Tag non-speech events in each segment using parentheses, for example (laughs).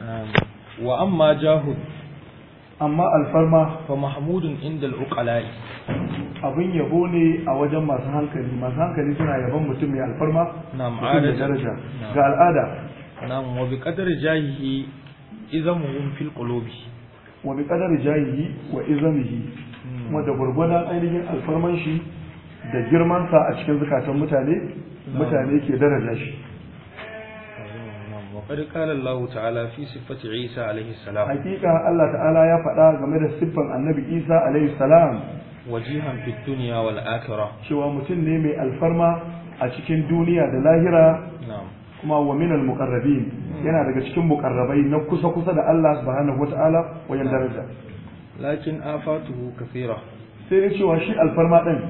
Um, wa amma jahud amma alfarma fa mahmudun inda al'uqala'i abin yabo ne a wajen masu hankali masu hankali suna yaban mutum mai alfarma ma'ada daraja ga al'ada na wa bi qadari jahihi izamuhum fil qulubi wa bi qadari jahihi wa izamihi hmm. kuma da gurgurdan ainihin alfarman shi da girmansa a cikin zakatan mutane mutane ke daraja shi وقد قال الله تعالى في صفة عيسى عليه السلام حقيقة الله تعالى يفعل غمير صفة النبي عيسى عليه السلام وجيها في الدنيا والآخرة شوى متن نيمي الفرما أشكين دنيا دلاهرة نعم كما هو من المقربين yana daga cikin mukarrabai na kusa kusa da Allah subhanahu wajen daraja lakin afatuhu kathira sai dai cewa shi alfarma ɗin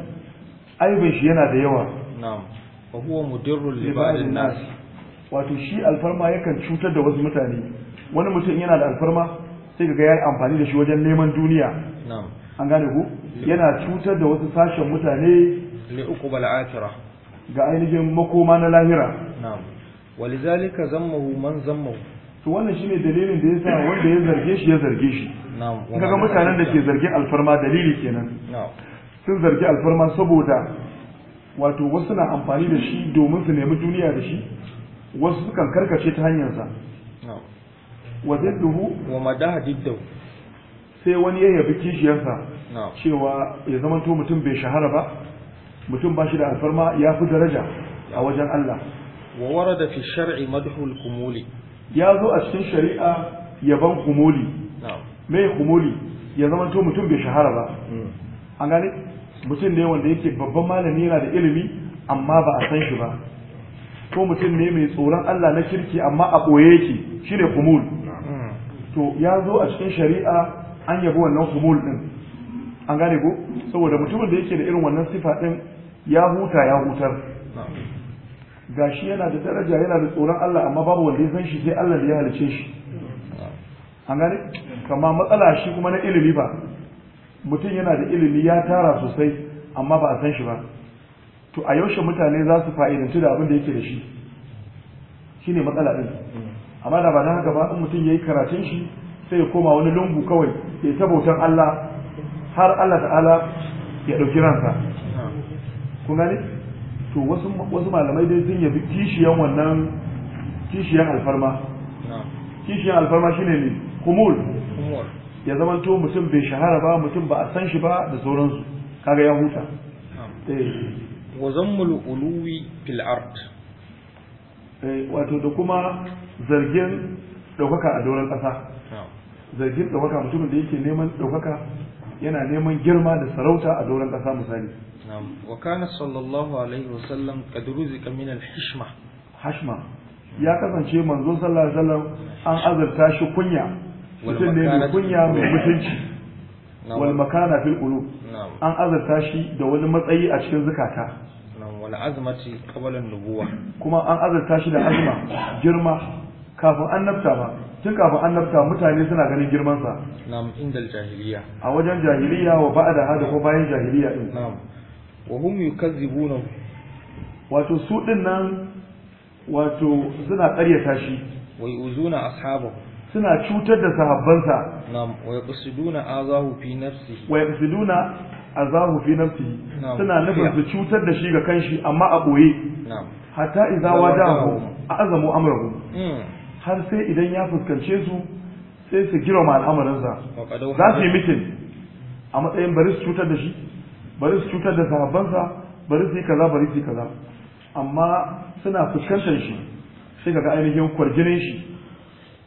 aibin shi yana da yawa na'am wa huwa mudirrul nas wato shi alfarma yakan cutar da wasu mutane wani mutum yana da alfarma sai kaga yi amfani da shi wajen neman duniya an gane ku yana cutar da wasu sashen mutane ga ainihin makoma na lahira na'am walizalika zammahu man zammahu to wannan shine dalilin da ya sa wanda ya zarge shi ya zarge shi kaga mutanen da ke zargin alfarma dalili kenan sun zargi alfarma saboda wato wasu na amfani da shi domin su nemi duniya da shi wasu sukan karkace ta hanyarsa wa zidduhu wa madaha diddahu sai wani ya yabi kishiyarsa cewa ya zama to mutum bai shahara ba mutum ba shi da alfarma ya fi daraja a wajen Allah wa warada fi shar'i madhul kumuli ya zo a cikin shari'a yaban kumuli me kumuli ya zama to mutum bai shahara ba mm. an gane mutum ne wanda yake babban malami yana da ilimi amma ba a san shi ba ko mutum ne mai tsoron Allah na kirki amma a ɓoye yake ne kumul to ya zo a cikin shari'a an yabi wannan kumul din an gane ko saboda mutumin da yake da irin wannan sifa din ya huta ya hutar gashi yana da daraja yana da tsoron Allah amma babu wanda ya san shi sai Allah da ya halice shi an gane kama matsala shi kuma na ilimi ba mutum yana da ilimi ya tara sosai amma ba a san shi ba to a yaushe mutane za su fa'idantu da abin da yake da shi shine matsala ɗin, amma da ba na haka ba in mutum yi karatun shi sai ya koma wani lungu kawai ya ta bautan Allah har Allah ta'ala ya ɗauki ransa kuma ne? to wasu malamai dai sun yabi kishiyan wannan kishiyan alfarma kishiyan alfarma shine ne kumul ya zamanto mutum bai shahara ba mutum ba a san shi ba da sauransu kaga ya huta wa zammul uluwi fil ard eh, wato da kuma zargin ɗaukaka a doron ƙasa zargin ɗaukaka mutumin da yake neman ɗaukaka yana neman girma da sarauta a doron ƙasa misali wa kana sallallahu alaihi wa sallam kadruzika min al hishma hashma ya kasance manzo sallallahu alaihi wasallam an azurta shi kunya mutum ne mai kunya mai mutunci wal makana fil qulub an azurta shi da wani matsayi a cikin zukata wani azumaci kabalin nubuwa kuma an azurta shi da azuma, girma kafin annabta ba tun kafin annabta mutane suna ganin girmansa na'am indal jahiliya a wajen jahiliya wa da hada ko bayan jahiliya din na'am wa hum yukazzibuna wato su din nan wato suna ƙaryata shi wa yuzuna ashabu suna cutar da sahabbansa na'am wa yaqsiduna azahu fi nafsihi wa kusuduna? azamu fi nafsi suna nufin su cutar da shi ga kanshi amma a boye hatta idza wadahu azamu amrahu hmm. har sai idan ya fuskance su sai su girma sa za su yi mitin a matsayin bari su cutar da shi bari su cutar da sahabbansa bari su yi kaza bari su yi kaza amma suna fuskantar shi sai ga ainihin kwarjinin shi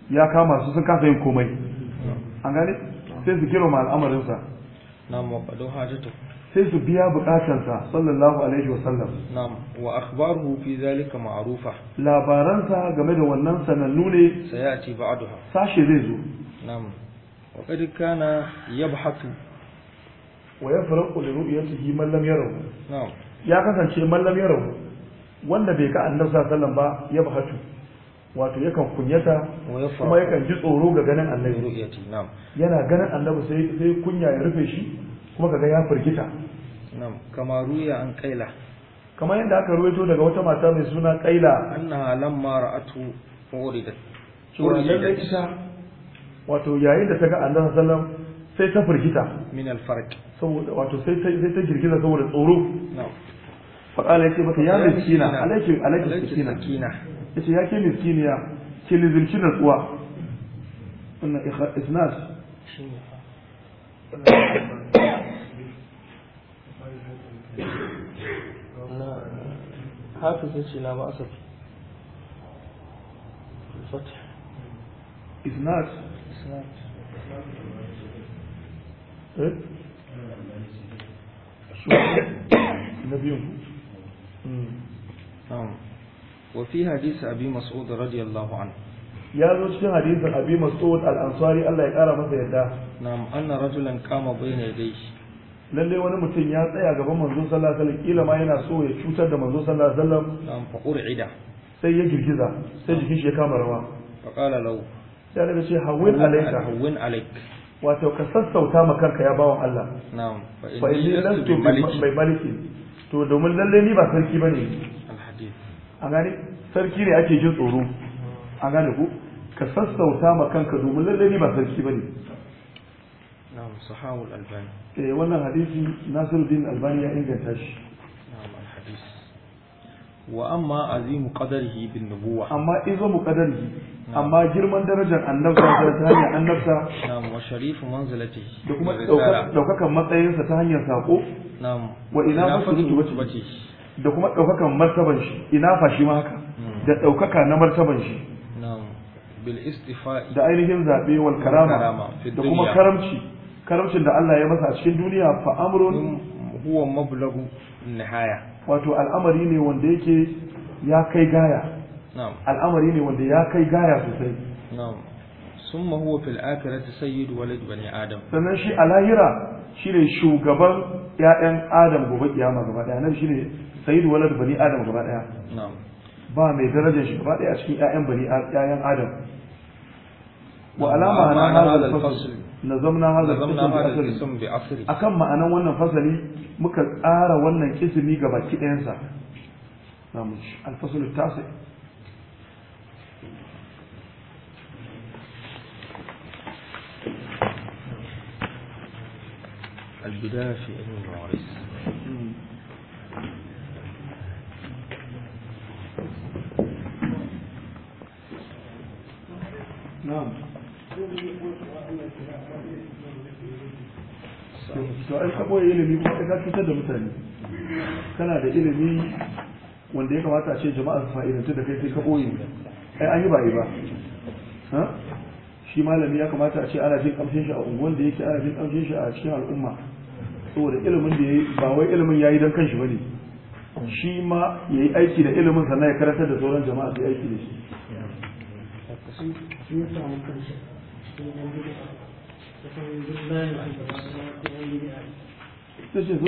ya kama su sun kasa yin komai hmm. an gane sai su girma sa. نعم وقد حاجته sai su biya bukatarsa sallallahu alaihi wasallam na'am wa akhbaruhu fi zalika ma'rufa labaransa game da wannan sanannu ne sayati ba'daha sashi zai zo na'am wa qad kana yabhatu wa yafraqu li ru'yatihi man lam yarahu ya kasance man lam wanda bai ga annabi sallallahu alaihi wato yakan kunyata kuma yakan ji tsoro ga ganin annabi yana ganin annabi sai sai kunya ya rufe shi kuma kaga ya firgita na'am kama ruya an kaila kamar yadda aka ruwaito daga wata mata mai suna kaila annaha lamma ra'atu uridat cewa ita wato yayin da ta ga annabi sallallahu sai ta firgita min farq saboda wato sai ta sai ta girgiza saboda tsoro na'am fa kala yace mata ya miskina alaiki alaiki miskina yace ya ke miskiniya ke lizinci natsuwa wannan isnad حافظ الشيء ما الفتح إيه؟ شو نعم wa fi hadisi abi mas'ud radiyallahu anhu ya zo cikin hadisin abi mas'ud al-ansari Allah ya kara masa yadda na'am anna rajulan qama bayna yadayhi lalle wani mutum ya tsaya gaban manzo sallallahu alaihi wasallam kila ma yana so ya cutar da manzo sallallahu alaihi wasallam na'am fa qur'ida sai ya girgiza sai jikin shi ya kama rawa fa lahu sai daga ce hawwin alayka hawwin alayk wato ka sassauta ma kanka ya bawan Allah na'am fa inni lastu bi maliki to domin lalle ni ba sarki bane a gane sarki ne ake jin tsoro a gane ku ka sassauta ma kanka domin lallai ba sarki ba ne. sahawul eh wannan hadisi Nasiruddin Albani ya inganta shi na'am alhadis wa amma azim qadarihi bin nubuwa amma izmu qadarihi amma girman darajar annabta ta hanyar annabta na'am wa sharifu manzilatihi da kuma daukakan matsayinsa ta hanyar sako na'am wa ila da kuma ɗaukakan martaban shi ina fa shi haka hmm. da ɗaukaka na martaban shi da ainihin zaɓe wal karama da kuma karamci karamcin da Allah ya masa a cikin duniya fa amrun huwa mablagu nihaya wato al'amari ne wanda yake ya kai gaya al'amari ne wanda ya kai gaya sosai summa huwa fil akhirati sayyid walad bani adam sannan shi a lahira shine shugaban ƴaƴan adam gobe kiyama gaba ɗaya nan shine سيد ولد بني adam غبا ديا نعم با مي درجه شي غبا ديا ƴaƴan ايان بني ايان آدم وعلامه هذا الفصل نظمنا هذا nazamna hada al-qism bi wannan fasali muka tsara wannan kismi ga baki ɗayan نعم الفصل التاسع البداية في علم المواريث to ai ka ilimi kuma ka fitar da mutane kana da ilimi wanda ya kamata a ce jama'a su fa'idantu da kai kai ka boye ai an yi ba ba ha shi malami ya kamata a ce ana jin kamshin shi a unguwan da yake ana jin kamshin shi a cikin al'umma saboda ilimin da yayi ba wai ilimin yayi dan kanshi bane shi ma yayi aiki da ilimin sannan ya karantar da sauran jama'a su aiki da shi shi ya samu kanshi sai ya ta san duk bayan da ba ta ta ce su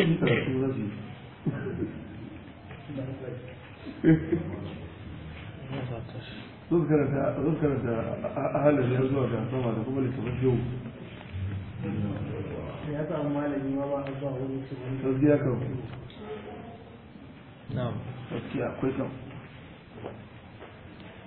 ya zuwa ga sama da kuma littafin yau ya ma ba a zuwa wani gaskiya kan gaskiya akwai kan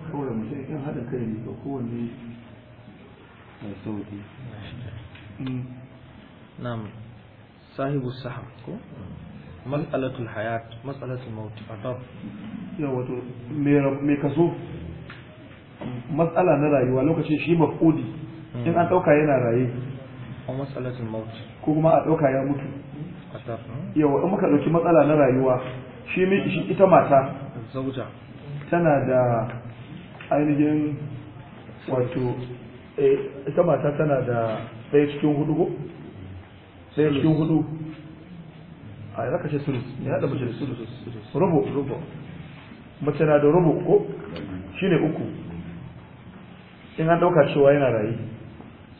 saboda mutum haɗin kai ne ga kowanne mai sauki mm. na'am sahibu saham ko matsalatul hayat mas'alatul maut adab Yau wato me kaso matsala na rayuwa lokacin shi mafudi mm. in an dauka yana raye a matsalatul maut ko kuma a dauka ya mutu Yau in muka dauki matsala na rayuwa shi ita mata zauja tana da ainihin wato eh, ita mata tana da ɗaya cikin hudu ko ɗaya cikin hudu a zaka ce sulus ne haɗa mace da sulus rubo rubo mace na da rubo ko shine uku in an ɗauka cewa yana rayu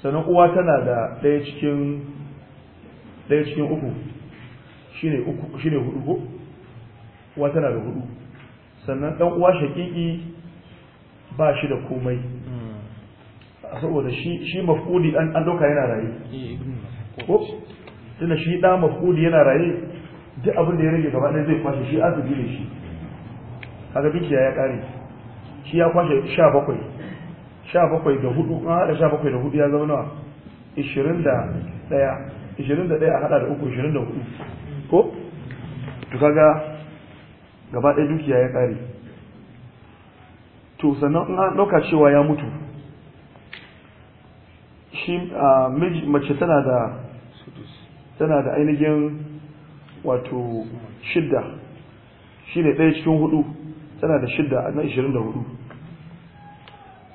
sannan uwa tana da ɗaya cikin ɗaya cikin uku shine uku shine hudu ko uwa tana da hudu sannan ɗan uwa shaƙiƙi ba shi da komai saboda shi mafudi an doka yana raye eh, ko tunda shi da mafudi yana raye duk abin da ya rage gaba ɗaya zai kwashe shi an zubi da shi kaga dukiya ya kare shi ya kwashe 17 17 da 4 an hada 17 da 4 ya zama nawa 21 21 a hada da 3 24 ko to kaga gaba ɗaya dukiya ya kare to sannan an ɗauka cewa ya mutu shi a mace tana da tana da ainihin wato shidda shi ne ɗaya cikin hudu tana da shidda na ishirin da hudu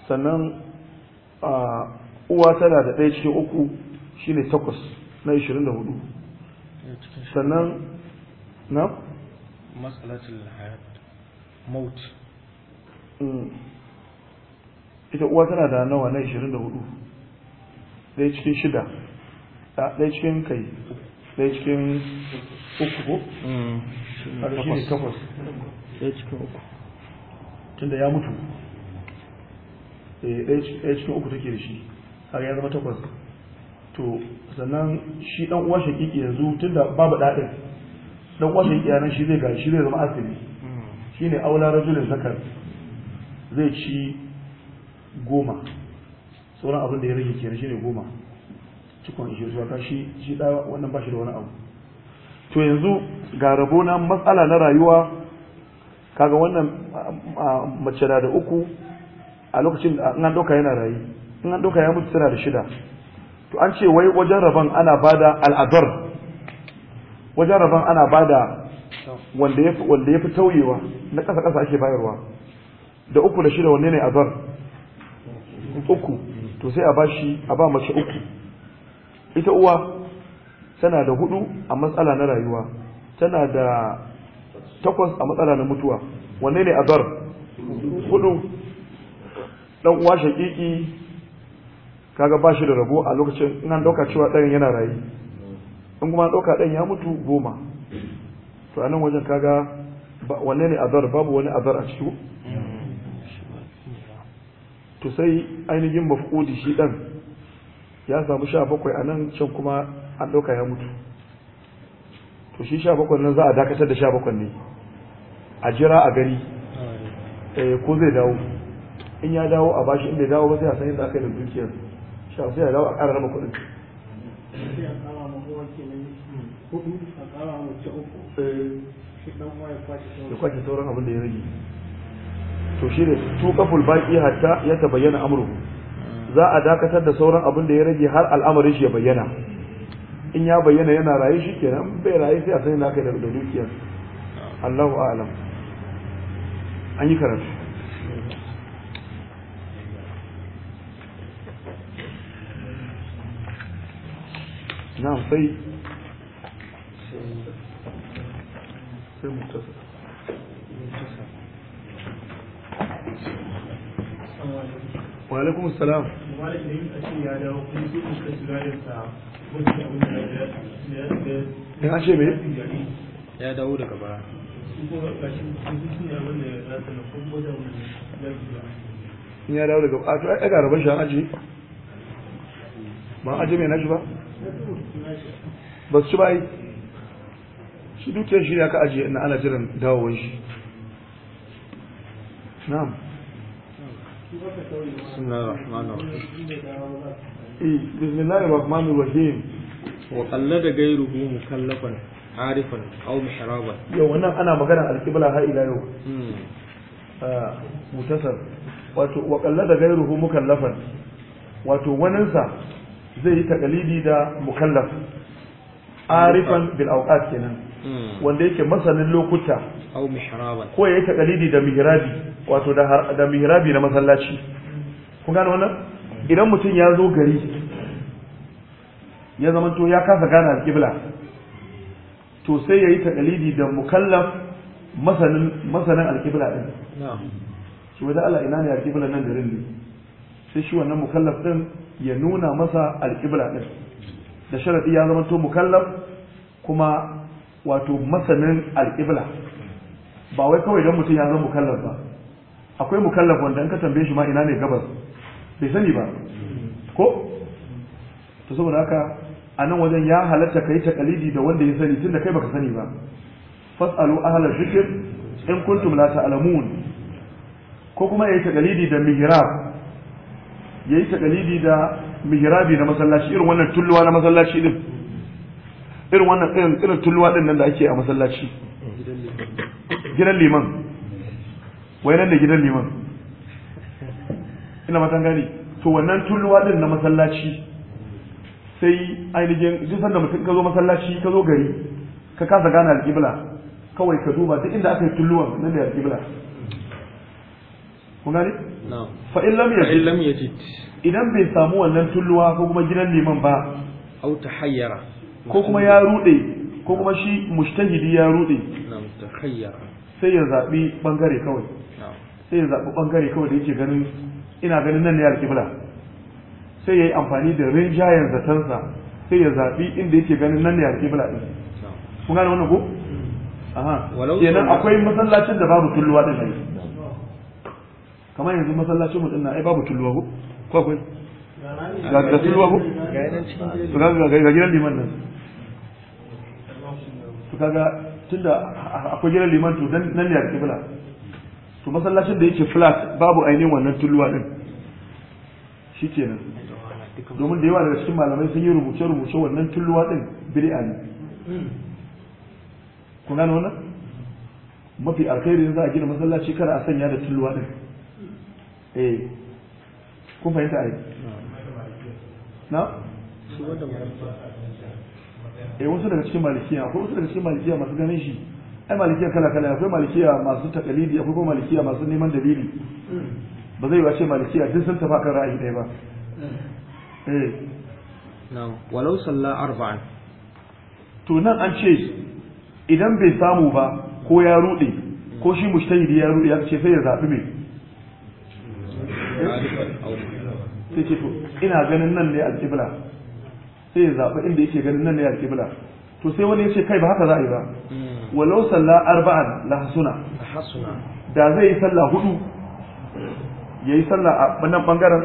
sannan uwa tana da ɗaya cikin uku shi ne takwas na ishirin da hudu sannan na matsalatul hayat mauti Mm. ita uwa tana da nawa na 24 dai cikin shida dai cikin kai dai cikin uku ko? Mm. a shi ne takwas cikin uku tunda ya mutu dai eh, cikin uku take da shi har ya zama takwas to sannan shi dan uwa shakiki yanzu tunda babu dadin dan uwa shakiki yanar shi zai shi zai zama asibi mm. shi ne aula rajulun zakar zai ci goma sauran abin da ya rage kenan ne goma cikon ishe zuwa kashi shi da wannan ba shi da wani abu to yanzu ga rabo na matsala na rayuwa kaga wannan mace na da uku a lokacin da an ɗauka yana rayu in an ɗauka ya mutu tana da shida to an ce wai wajen rabon ana bada al'adar wajen rabon ana bada wanda ya fi tauyewa na ƙasa ƙasa ake bayarwa da uku da shida wanne ne a bar uku to sai a ba shi a ba mace uku ita uwa tana da hudu a matsala na rayuwa tana da takwas a matsala na mutuwa wanne ne a bar hudu dan uwa shakiki kaga ba shi da rabo a lokacin ina dauka cewa ɗayan yana rayu in kuma dauka ɗayan ya mutu goma to a nan wajen kaga wanne ne azar babu wani azar a ciki to sai ainihin mafudi shi dan ya samu sha bakwai a nan can kuma an ɗauka ya mutu to shi sha bakwai nan za a dakatar da sha bakwai ne a jira a gani eh, ko zai dawo in ya dawo a bashi inda ya dawo ba sai a san yadda aka yi da dukiyar sha sai ya dawo a ƙara raba kuɗin ya eh. kwace sauran abin da ya rage to shine tuqaful baqi hatta ya ta bayyana amruhu za a dakatar da sauran abin da ya rage har al'amarin shi ya bayyana in ya bayyana yana rayu shi ke nan bai rayu sai a sani kai da dukiyar Allahu a'lam an yi karatu sai sai mutasa wa alaikum salam ya ya dawo daga baya in ya dawo daga a ai ga rabar shi an aji ba aji mai nashi ba ba su ci ba yi shi dukiyar shi ne ka aji na ana jiran dawowar shi na'am بسم الله الرحمن الرحيم بسم الله الرحمن الرحيم وقلد غيره مكلفا عارفا او محرابا يو wannan ana magana alkibla har ila yau hmm. ah mutasar wato wa qallada ghayruhu mukallafan wato waninsa zai yi takalidi da mukallaf bil awqat kenan Hmm. wanda yake masanin lokuta au ya ko yayi da mihrabi wato da da mihrabi na masallaci kun gane wannan idan mutum ya zo gari ya zama to ya kasa gane alƙibla to sai yayi takalidi da mukallaf masanin masanin alƙibla din na'am shi Allah ina ne alƙibla nan garin ne sai shi wannan mukallaf din ya nuna masa alƙibla din da sharadi ya zama to mukallaf kuma wato masanin alƙibla ba wai kawai don mutum ya zama mukallaf ba akwai mukallaf wanda in ka tambaye shi ma ina ne gabas bai sani ba ko to saboda haka a nan wajen ya halatta yi takalidi da wanda ya sani tun da kai baka sani ba fasalu ahla zikr in kuntum la ta'lamun ko kuma yayi takalidi da mihrab yayi takalidi da mihrabi na masallaci irin wannan tulluwa na masallaci din irin wannan irin irin tulluwa din nan da ake a masallaci gidan liman wai nan da gidan liman ina matan gani to wannan tulluwa din na masallaci sai ainihin duk sanda mutum ka zo masallaci ka zo gari ka kasa gane alƙibla kawai ka duba duk inda aka yi tulluwan nan da alƙibla kun gane fa in lam yajid idan bai samu wannan tulluwa ko kuma gidan liman ba au hayyara. ko kuma ya rude ko kuma shi mujtahidi ya rude sai ya zabi bangare kawai sai ya zabi bangare kawai da yake ganin ina ganin nan ne alƙibla sai ya yi amfani da rinjayen zatansa sai ya zabi inda yake ganin nan ne alƙibla din kun gane wannan ko hmm. aha kenan akwai masallacin da babu tulluwa din ne kamar yanzu masallacin mu din na ai babu tulluwa ko akwai ga ga su ruwa ko to kaga ga gidan liman nan to kaga tunda akwai gidan liman to nan ne a kibla to masallacin da yake flat babu ainihin wannan tulluwa din shi shikenan domin da yawa daga cikin malamai sun yi rubuce-rubuce wannan tulluwa din bid'a ne kun gane wannan mafi alkhairi za a gina masallaci kar a sanya da tulluwa din eh kun fahimta a yi. na eh wasu daga cikin malikiya akwai wasu daga cikin malikiya masu ganin shi ai malikiya kala kala akwai malikiya masu takalidi akwai kuma malikiya masu neman dalili ba zai wace malikiya duk sun tafa kan ra'ayi ɗaya ba eh na'am walau salla arba'an to nan an ce idan bai samu ba ko ya rude ko shi mushtahidi ya rude ya ce sai ya zabi me sai to ina ganin nan ne alƙibla sai ya zaɓi inda yake ganin nan ne alƙibla to sai wani ya ce kai ba haka za a yi ba hmm. walau salla arba'an la hasuna da zai yi sallah hudu ya yi sallah a nan ɓangaren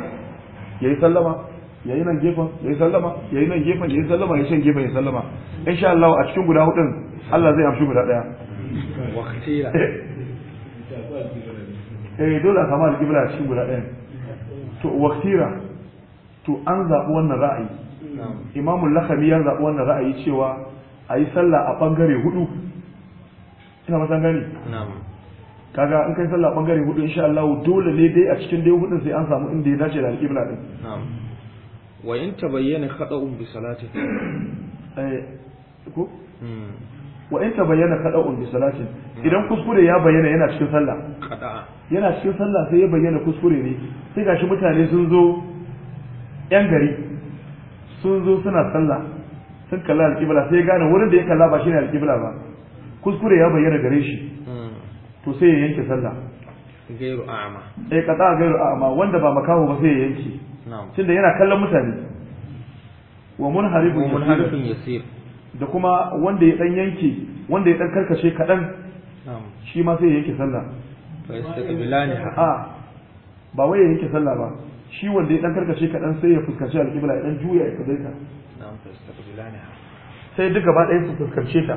ya yi sallama ya yi nan gefen ya yi sallama ya yi nan gefen ya yi sallama ya shan gefen ya sallama insha Allah a cikin guda hudun Allah zai amshi guda daya (laughs) eh. eh dole a kama alƙibla a cikin guda ɗaya. to waktira to an zaɓi wannan ra'ayi imamul lakami ya zaɓi wannan ra'ayi cewa a yi sallah a ɓangare hudu ina matan gani kaga in kai sallah a ɓangare hudu insha Allah dole ne dai a cikin dai hudun sai an samu inda ya dace da alƙibla din wa in tabayyana khada'un bi salati eh, ko hmm. wa in tabayyana khada'un bi salati idan kuskure ya bayyana yana cikin sallah yana cikin sallah sai ya bayyana kuskure ne sai gashi mutane sun zo yan gari sun zo suna sallah sun kalla alƙibla sai ya gane wurin da ya kalla ba ne alƙibla ba kuskure ya bayyana gare shi to sai ya yanke sallah gairu a'ama eh, ka qata gairu a'ama wanda ba makaho ba sai ya yanke da yana kallon mutane wa munharifun yasir da kuma wanda ya dan yanke wanda ya dan karkace kadan shi ma sai ya yanke sallah ba wai ya yanke sallah ba shi wanda ya dan karkace kaɗan sai ya fuskanci alƙibla ya dan juya ya kazaita sai duk gaba ɗaya su fuskance ta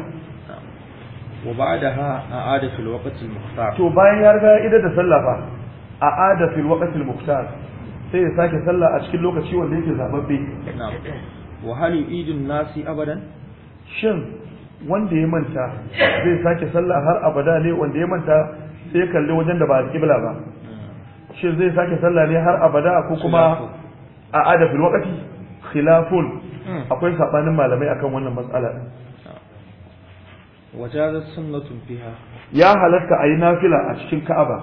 wa ba'daha a'adatu al-waqt al-muqtar to bayan ya riga idan da sallah fa a'adatu al-waqt al-muqtar sai ya sake sallah a cikin lokaci wanda yake zababbe wa hal yu'idu nasi abadan shin wanda ya manta zai sake sallah har abada ne wanda ya manta sai ya kalli wajen da ba alƙibla ba shi zai sake sallah ne har abada ko kuma a adafin wakati khilafun hmm. akwai sabanin malamai akan wannan matsala din wajazat sunnatun fiha ya halatta ayi nafila a cikin ka'aba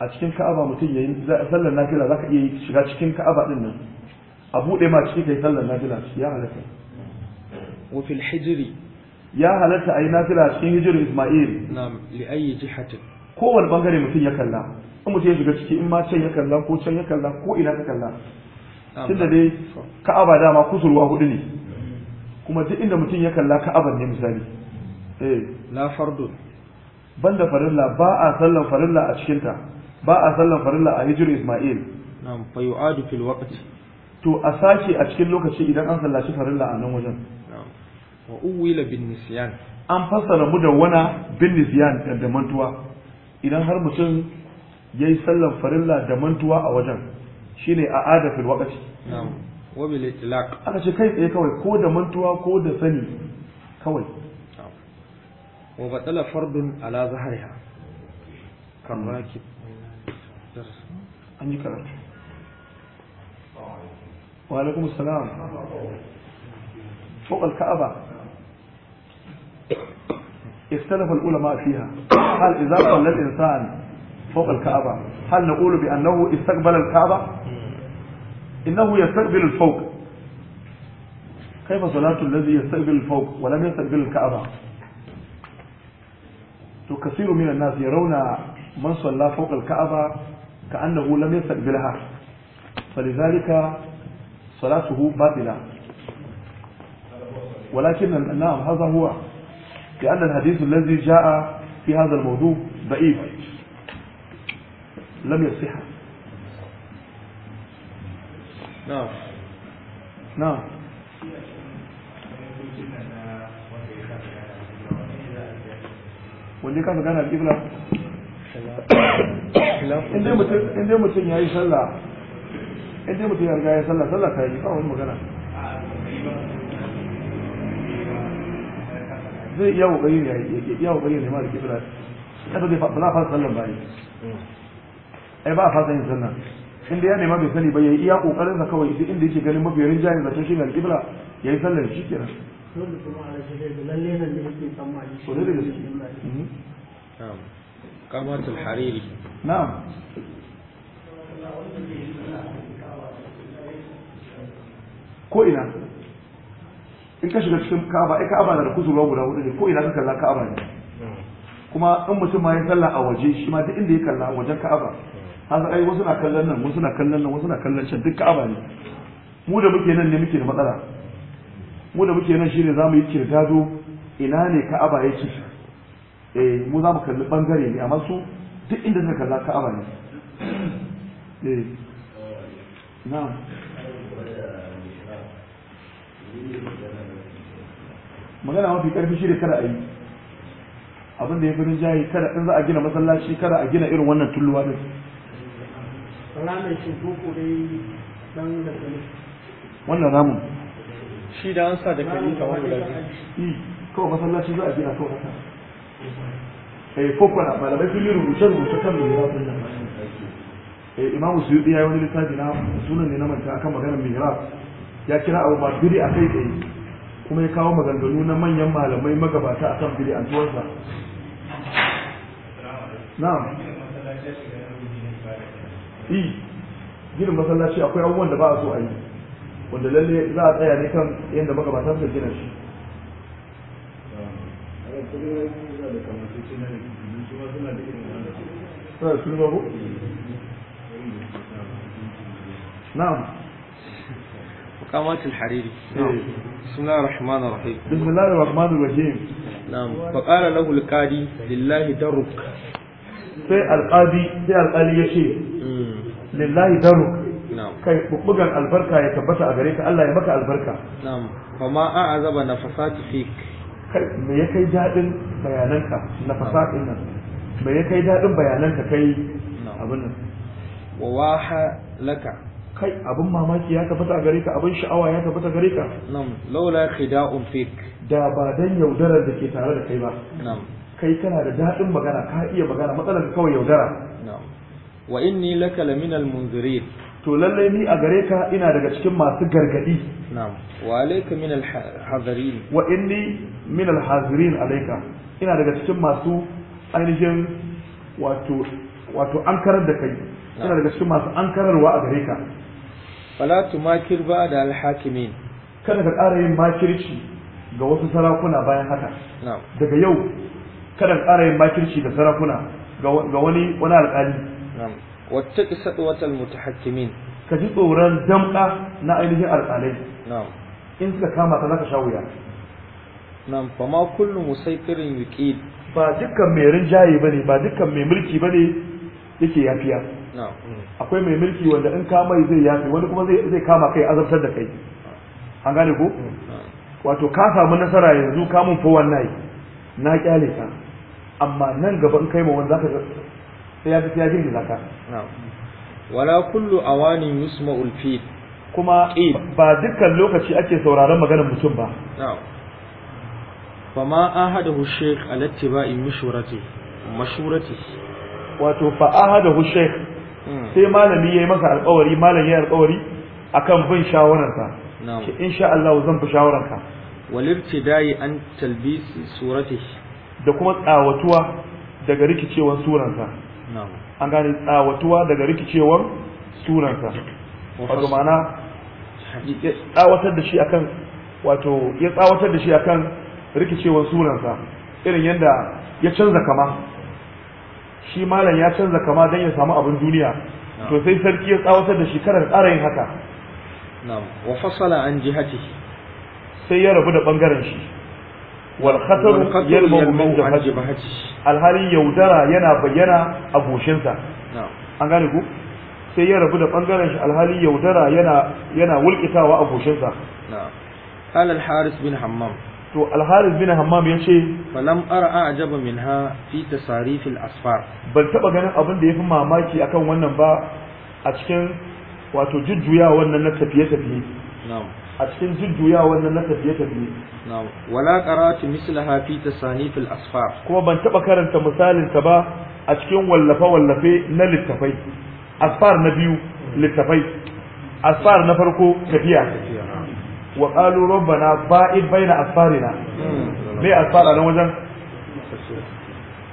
a cikin ka'aba mutum yayin sallar nafila zaka iya shiga cikin ka'aba din nan a bude ma cikin kai sallar nafila ya halatta wa fil hijri ya halatta ayi nafila cikin hijirin Isma'il na'am li ayi jihatin kowane bangare mutum ya kalla in mutum ya shiga ciki in ma can ya kalla ko can ya kalla ko ina ka kalla tunda dai ka'aba dama kusurwa hudu ne kuma duk inda mutum ya kalla ka'aban ne misali eh la fardu banda farilla ba a sallan farilla a cikin ta ba a sallan farilla a hijir isma'il na'am fa yu'adu fil waqti to a sake a cikin lokaci idan an sallaci farilla a nan wajen wa uwila bin nisyan an fassara mudawwana bin nisyan da mantuwa idan har mutum yi sallan farilla da mantuwa a wajen shine a adafin waqti aka ce kai tsaye kawai ko da mantuwa ko da sani kawai wa batsala fardun ala zahriha kan ki an yi karatu wa alaikum salam فوق الكعبة اختلف العلماء فيها هل إذا صلى الإنسان فوق الكعبة هل نقول بأنه استقبل الكعبة إنه يستقبل الفوق كيف صلاة الذي يستقبل الفوق ولم يستقبل الكعبة كثير من الناس يرون من صلى فوق الكعبة كأنه لم يستقبلها فلذلك صلاته باطلة ولكن نعم هذا هو لأن الحديث الذي جاء في هذا الموضوع ضعيف lam yasiha na'am na'am wanda ka magana kibla in dai mutum ya yi sallah in dai mutum ya riga ya sallah sallah ta yi ba wani magana zai iya kokari ne ya iya kokari ne ma da kibla kada zai ba za a fara sallan ba ne ai ba a fasa yin sannan. inda ya nema bai sani ba ya yi iya kokarin sa kawai duk inda yake ganin mafi rinjayen zaton shi ga ya yi sallar shi ke nan. Mhm. ko ina in ka shiga cikin ka'aba ai ka'aba da kusurwa guda hudu ne ko ina ka kalla ka'aba ne kuma in mutum ma ya salla a waje shi ma duk inda ya kalla wajen ka'aba an ai wasu na kallon nan wasu na kallon nan wasu na kallon can duk ka'aba ne mu da muke nan ne muke da matsala mu da muke nan shine zamu yi kirgado ina ne ka'aba yake eh mu za mu kalli bangare ne amma su duk inda suka kalla ka'aba ne eh na'am magana mafi karfi shi da kada a yi abin da ya fi rinjaye kada in za a gina masallaci kada a gina irin wannan tulluwa su ramin shi koko dai dan da wannan ramin shi da an sa da kali ta wani lafi kawai masallaci za a gina kawai haka eh koko na malamai sun yi rubuce rubuce kan mai rafin nan eh imamu suyuti yayi wani littafi na sunan ne na manta akan maganar mihrab ya kira abu ba biri a kai tsaye kuma ya kawo maganganu na manyan malamai magabata akan biri a tuwarsa na'am fi gina masallaci akwai abubuwan da ba a so a yi wanda lalle za a tsaya ne kan yadda magabatan su gina shi نعم مقامات الحريري نعم. بسم الله الرحمن الرحيم بسم الله الرحمن الرحيم نعم فقال له القاضي لله درك في القاضي في القاضي يشير مم. lillahi daru kai bubbugan albarka ya tabbata a gare ka Allah ya maka albarka na'am kuma a azaba nafasati fik kai me ya kai dadin bayananka nafasatin nan me ya kai dadin bayananka kai abin nan wa waha laka kai abin mamaki ya tabbata a gare ka abin sha'awa ya tabbata gare ka na'am laula khida'un fik da ba dan yaudarar da ke tare da kai ba na'am kai kana da dadin magana ka iya magana matsalar kawai yaudara na'am wa inni laka laminal munzirin to lallai ni a gare ka ina daga cikin masu gargadi na'am wa alayka min al wa inni min al-hadirin alayka ina daga cikin masu ainihin wato wato ankarar da kai ina daga cikin masu ankararwa a gare ka fala tumakir ba da alhakimin. kada ka ƙara yin makirci ga wasu sarakuna bayan haka daga yau kada ka ƙara yin makirci da sarakuna ga wani wani alƙali wattaqi sadwatal mutahakkimin ka ji tsoron jam'a na ainihin alƙalai na'am in suka kama ka zaka sha wuya na'am fa ma kullu musayfirin yuqid ba dukkan mai rinjaye bane ba dukkan mai mulki bane yake yafiya na'am akwai mai mulki wanda in ka mai zai yafi wani kuma zai zai kama kai azabtar da kai an gane ko wato ka samu nasara yanzu ka mun fo wannan na kyale ka amma nan gaba in kai ma wanda za zaka sai ya fi ya jirgin zaka wala kullu awani yusma'ul ulfi kuma ba dukkan lokaci ake sauraron maganar mutum ba fama ahadahu shaykh ala ittiba'i mashurati mashurati wato fa ahadahu shaykh hmm. sai malami yayi maka alƙawari malam yayi alƙawari akan bin shawararsa ki insha Allah zan bi shawararka wal ibtida'i an talbis suratis. da kuma tsawatuwa daga rikicewar suransa. an gane tsawatuwa daga rikicewar sunansa wato ma'ana ya tsawatar da shi akan wato ya tsawatar da shi akan rikicewar sunansa irin yadda ya canza kama shi malam ya canza kama don ya samu abin duniya to sai sarki ya tsawatar da shi karar tsarayin yin haka wa fasala an jihati sai ya rabu da bangaren shi والخطر يلمع من جبهته alhali yaudara yana bayyana a an gane ku sai ya rabu da bangaren shi alhali yaudara yana yana wulkitawa a قال الحارث بن حمام to alharis bin hammam ya ce falam ara ajaba minha fi tasarif al-asfar ban taɓa ganin abin da fi mamaki akan wannan ba a cikin wato jujjuya wannan na tafiye tafiye a cikin jujjuya wannan na tafiye tafiye na'am wala qara'tu mislaha fi tasanif al-asfar kuma ban taɓa karanta misalin ta ba a cikin wallafe wallafe na littafai asfar na biyu littafai asfar na farko tafiya wa qalu rabbana ba'id baina asfarina hmm. me asfar nan wajen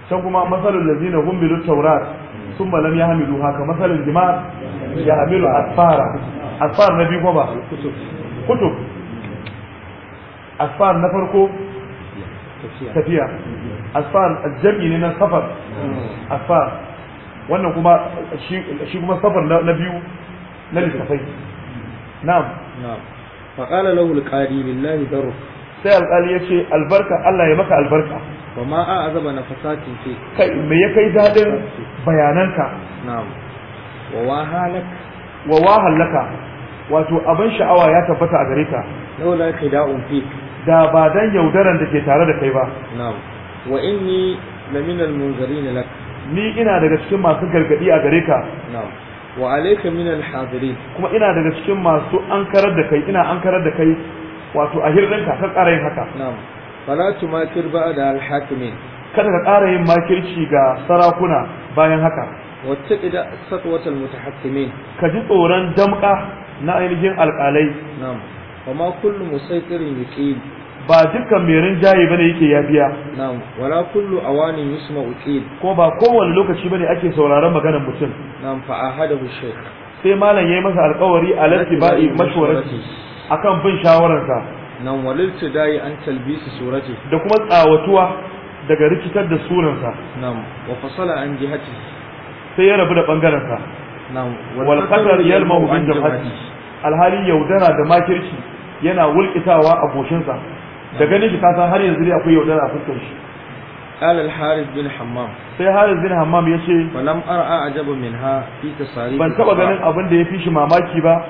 can kuma masalul ladzina hum bilut tawrat thumma lam haka ka masalul jimar yahmilu asfara asfar na biyu ko ba kutub asfar na farko tafiya asfar aljami ne na safar asfar wannan kuma shi kuma safar na biyu na littafai na'am faƙala lahu alƙari billahi daru sai alƙali ya ce albarka Allah ya maka albarka Ba ma a azaba na fasatin ce kai me ya kai daɗin bayananka na'am wa wahalaka wa wahalaka wato abin sha'awa ya tabbata a gare ka laula khida'un fi da ba dan yaudaran da ke tare da kai ba na'am wa inni min al-munzirin lak ni ina daga cikin masu gargadi a gare ka na'am wa alayka min al-hadirin kuma ina daga cikin masu ankarar da kai ina ankarar da kai wato a ka kan ƙara yin haka na'am fala tumatir ba'da al-hakimin kada ka ƙara yin makirci ga sarakuna bayan haka wacce ida satwatul mutahakkimin ka ji tsoron damƙa na ainihin alƙalai na'am amma kullu musaitirin yuqim ba dukkan mai rinjaye bane yake ya biya na'am wala kullu awanin yusma uqil ko ba kowane lokaci bane ake sauraron maganar mutum na'am fa ahadahu shaykh sai malam yayi masa alƙawari ba'i mashwarati akan bin shawararsa nan walilta dai an talbisi surati da kuma tsawatuwa daga rikitar da sunansa na'am wa fasala an jihati sai ya rabu da bangaren sa wal qadar yalmahu min jabhati alhali yaudara da makirci yana wulkitawa a goshinsa da ganin shi kasan har yanzu akwai yaudara a fuskar shi قال الحارث بن حمام sai Haris bin Hammam yace falam ara ajabu minha fi tasarif ban taba ganin abin da yafi shi mamaki ba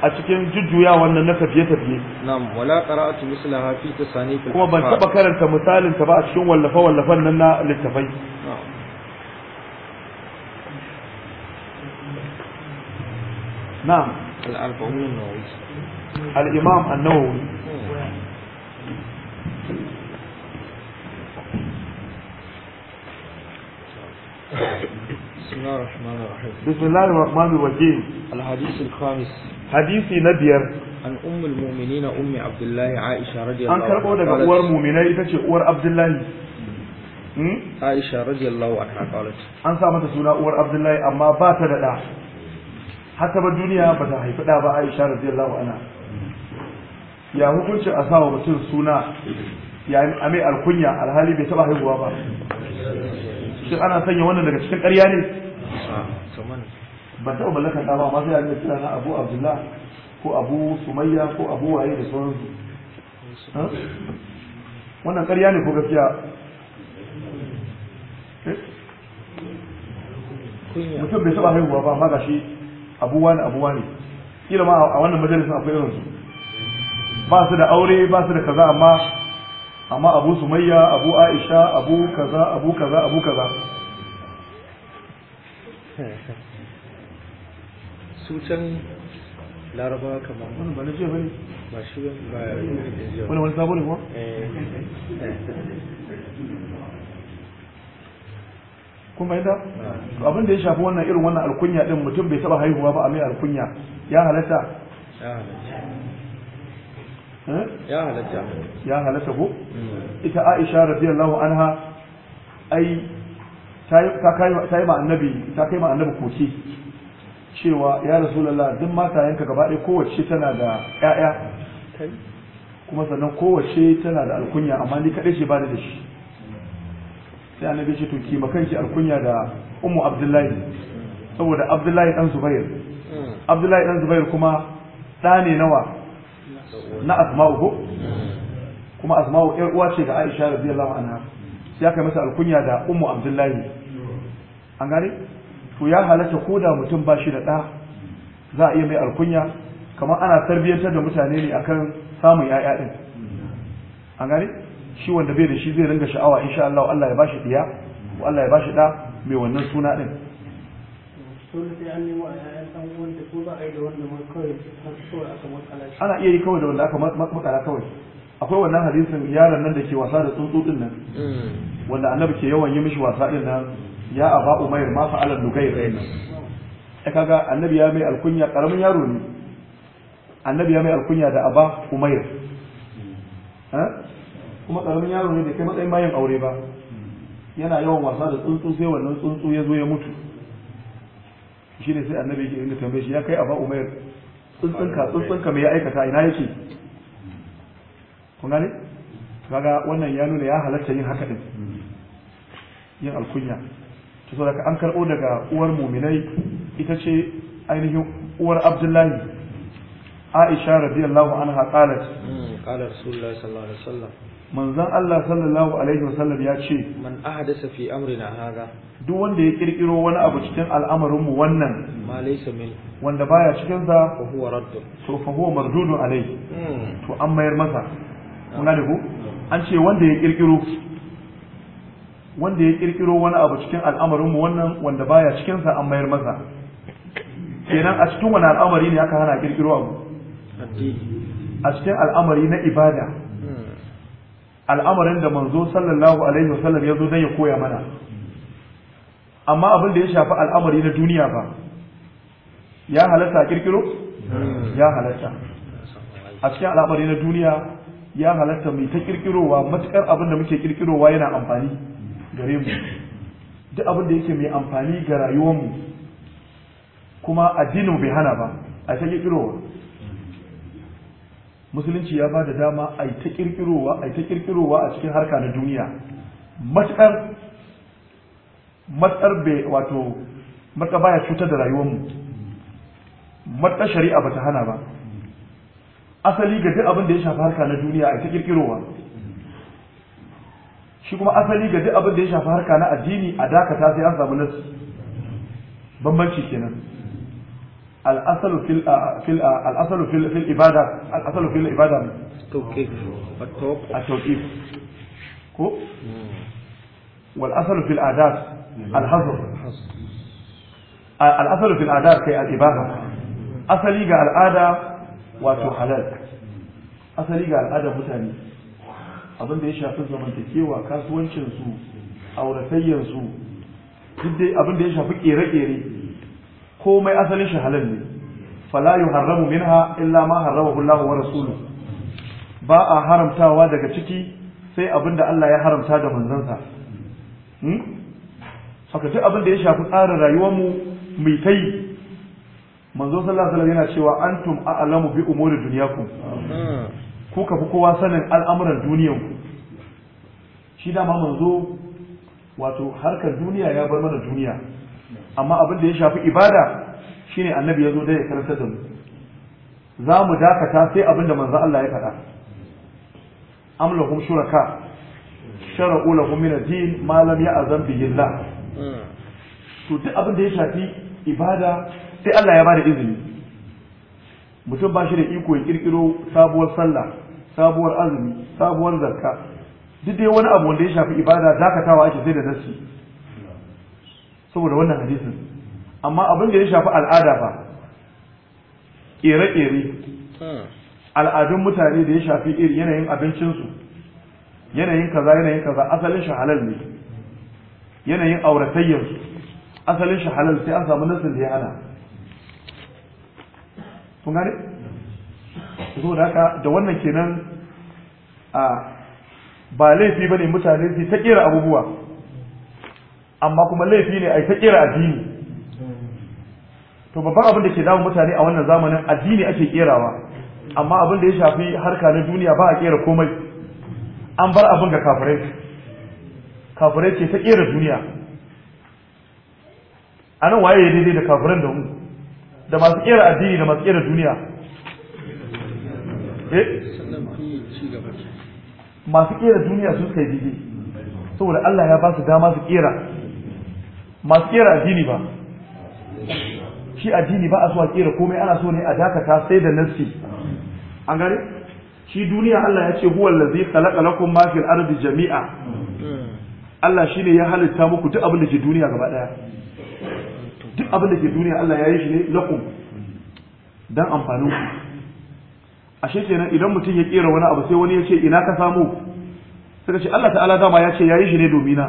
a cikin jujjuya wannan na tafiye tafiye na'am wala qara'tu mislaha fi tasanif kuma ban taba karanta misalin ta ba a cikin wallafa wallafan nan na littafai نعم الأربعون النووي الإمام النووي بسم الله الرحمن الرحيم بسم الله الرحمن الرحيم الحديث الخامس حديث نبير عن أم المؤمنين أم عبد الله عائشة رضي الله عنها أنكر أولا أور مؤمنين تشي أور عبد الله عائشة رضي الله عنها قالت أنسى متسونا أور عبد الله أما بات لله haka ba duniya ba ta haifi da ba aisha radiyallahu anha ya hukunci a sawa mutum suna ya a alkunya alhali bai taɓa haihuwa ba shin ana sanya wannan daga cikin ƙarya ne ban taɓa mallakar ɗa ba masu sai da kira na abu abdullah ko abu sumayya ko abu waye da sauransu wannan ƙarya ne ko gaskiya eh? mutum bai taɓa haihuwa ba amma gashi abuwa ne abuwa ne kila ma a wannan majalisin akwai irin su ba su da aure ba su da kaza amma amma abu sumayya abu aisha abu kaza abu kaza abu kaza su can laraba kamar wani ba na bane ba shi ba wani wani sabo ne kuma eh. (laughs) kun fahimta abin da ya shafi wannan irin wannan alkunya din mutum bai saba haihuwa ba a mai alkunya ya halatta eh? ya halatta ya halatta ko ita Aisha radiyallahu anha ai ta kai ta yi ma annabi ta kai ma annabi koke cewa ya rasulullah duk mata yanka gaba ɗaya kowace tana da ƴaƴa kuma sannan kowace tana da alkunya amma ni kaɗai ce ba da shi sai annabi ce to ki makanki alkunya da ummu abdullahi saboda abdullahi dan zubair abdullahi dan zubair kuma da ne nawa na asma'u ko kuma asma'u yar uwa ce ga aisha radiyallahu anha sai aka masa alkunya da ummu abdullahi an gane to ya halatta ko da mutum ba shi da ɗa za a iya mai alkunya kamar ana tarbiyyantar da mutane ne akan samun 'ya'ya din an gane shi wanda bai da shi zai ringa sha'awa insha Allah Allah ya bashi diya Allah ya bashi da mai wannan suna din ana iya yi kawai da wanda aka makala kawai akwai wannan hadisin yaron nan da ke wasa da tsutsutsin nan mm. wanda annabi ke yawan yi mishi wasa din nan ya aba umair ma fa alal lugai rayin nan sai kaga annabi ya mai alkunya karamin yaro ne annabi ya mai alkunya da aba umair mm. eh? kuma karamin yaro ne da kai matsayin bayan aure ba yana yawan wasa da tsuntsu sai wannan tsuntsu ya zo ya mutu shi ne sai annabi yake inda tambaye shi ya kai ba'u umair tsuntsunka tsuntsunka me ya aikata ina yake kun gane kaga wannan ya nuna ya halatta yin haka din yin alkunya to saboda an karbo daga uwar muminai ita ce ainihin uwar abdullahi aisha radiyallahu anha qalat hmm, qala rasulullah sallallahu alaihi wasallam manzon Allah sallallahu alaihi wasallam ya ce man ahdasa fi amrina hadha duk wanda ya kirkiro wani abu cikin al'amarinmu wannan wanda baya cikin sa to fa huwa mardudun alai hmm. to an mayar masa kuna da ku hmm. an ce wanda ya kirkiro wanda ya kirkiro wani abu cikin al'amarinmu wannan wanda baya cikin sa an mayar masa kenan a cikin wani al'amari ne aka hana kirkiro abu a cikin al'amari na ibada hmm. al'amarin da manzo sallallahu alaihi wasallam ya zo don ya koya mana amma abin da ya shafi al'amari na duniya ba ya halatta kirkiro hmm. ya halatta a cikin al'amari na duniya ya halatta mai ta kirkirowa matukar abin da muke kirkirowa yana amfani gare mu duk abin da yake mai amfani ga rayuwarmu kuma addinin bai hana ba a ta kirkirowa musulunci ya ba da dama a ta kirkirowa a ta kirkirowa a cikin harka na duniya matsar matsar bai wato matsa baya cutar da rayuwar mu. matsa shari'a ba ta hana ba asali ga duk abin da ya shafi harka na duniya a ta kirkirowa shi kuma asali ga duk abin da ya shafi harka na addini a dakata sai an samu nasu bambanci kenan الأصل في في الأصل في في الإبادة الأصل في الإبادة التوقيف التوقيف والأصل في الآداب الحظر الأصل في الآداب كي الإبادة أصلي قال الآداب واتو حلال أصلي قال الآداب متاني abin da ya shafi zamantakewa kasuwancinsu auratayyansu duk dai abin da ya shafi kere-kere komai asalin shi halal ne fala yuharramu minha illa ma harramahu Allah wa rasuluhu ba a haramtawa daga ciki sai abinda Allah ya haramta da manzansa hmm? haka duk abin da ya shafi tsarin rayuwar mu mai tai manzo sallallahu alaihi yana cewa antum a'lamu bi umuri dunyakum ku ka fi kowa sanin al'amuran duniyar ku shi dama manzo wato harkar duniya ya bar mana duniya amma abin da ya shafi ibada shine annabi ya zo da ya karanta da mu za mu dakata sai abin da manzo Allah ya faɗa amlahum shuraka shara'u lahum min ad-din ma lam ya'zan bihi Allah to duk abin da ya shafi ibada sai Allah ya bada izini mutum ba shi da iko ya kirkiro sabuwar sallah sabuwar azumi sabuwar zakka duk dai wani abu wanda ya shafi ibada dakatawa ake sai da nasi saboda wannan hadisin amma abin da ya shafi al'ada ba ƙere-ƙere al'adun mutane da ya shafi iri yanayin abincinsu yanayin kaza yanayin kaza asalin shi halal ne yanayin auratayyarsu asalin shi halal sai an samu nasin da ya hana kun gane zo da haka da wannan kenan a ba laifi ba ne mutane su ta kera abubuwa amma kuma laifi ne a yi ta kira addini to babban abin da ke damun mutane a wannan zamanin addini ake kerawa amma abin da ya shafi harka na duniya ba a kera komai an bar abin ga kafirai kafirai ke ta kera duniya a nan waye daidai da kafiran da mu da masu kera addini da masu kera duniya eh? masu kera duniya sun kai daidai saboda Allah ya ba su dama su kera masu kera addini ba shi addini ba a so a kera komai ana so ne a dakata sai da nassi an gare shi duniya Allah ya ce huwa allazi khalaqa lakum ma fil ardi jami'a Allah shine ya halitta muku duk abin da ke duniya gaba daya duk abin da ke duniya Allah ya yi shi ne lakum dan amfanin ku ashe kenan idan mutum ya kera wani abu sai wani ya ce ina ka samu suka ce Allah ta'ala dama ya ce ya yi shi ne domina